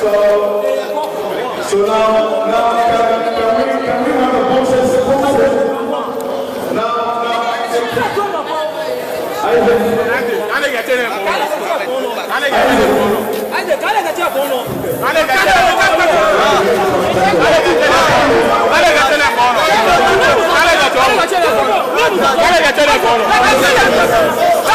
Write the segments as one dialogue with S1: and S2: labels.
S1: So, so now, now can, can we can we have a process? process? Now, now. Thank you.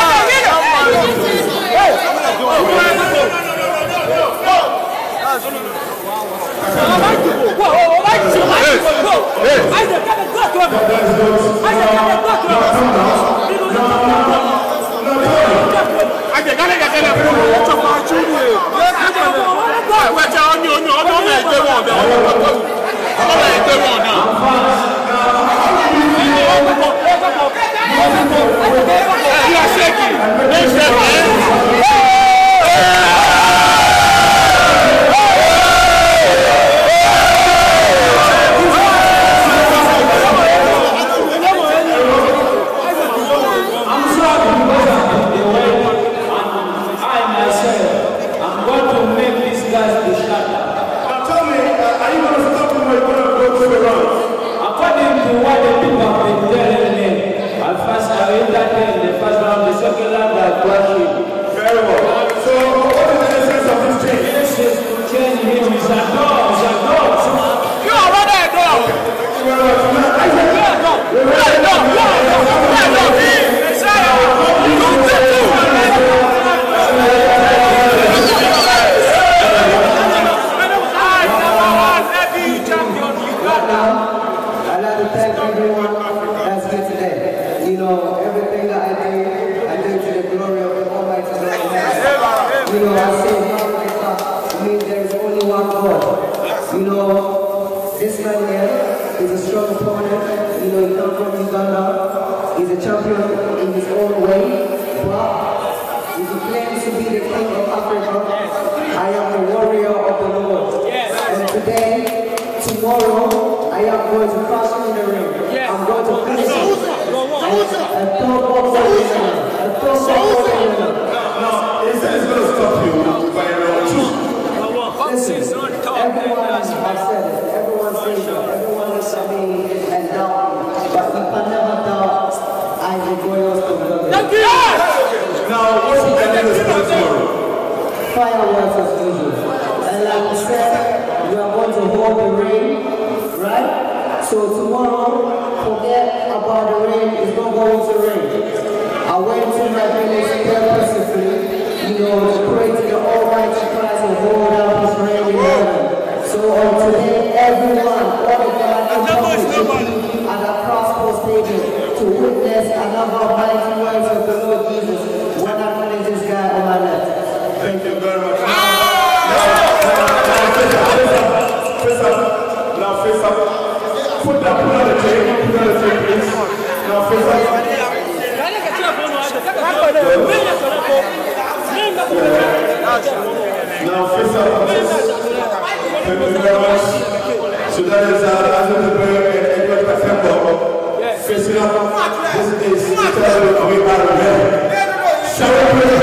S1: you know, I say God like that, I mean there is only one God. You know, this man here is a strong opponent. You know, he comes from Uganda. He's a champion in his own way. But if he claims to be the king of Africa, I am the warrior of the Lord. Yes. And today, tomorrow, I am going to pass in the ring. Yes. I'm going to finish him. And throw So tomorrow, forget about the rain. It's not going to rain. I went to my village purposefully, you know, to pray to the Almighty Christ and hold out His rain in heaven. So on today, everyone, all the God and at a prosper stage to witness another mighty words of the Lord Jesus when I finish this guy on my left. Thank you very much. Ah! Now, face up. Now, face up. Put that put on the table, put on the table, please. Now, for that. Now, face up, thank you very much. So that is our Azul and Edward Patembo. Facing up, this is the story of Ibarra. Shall we pray?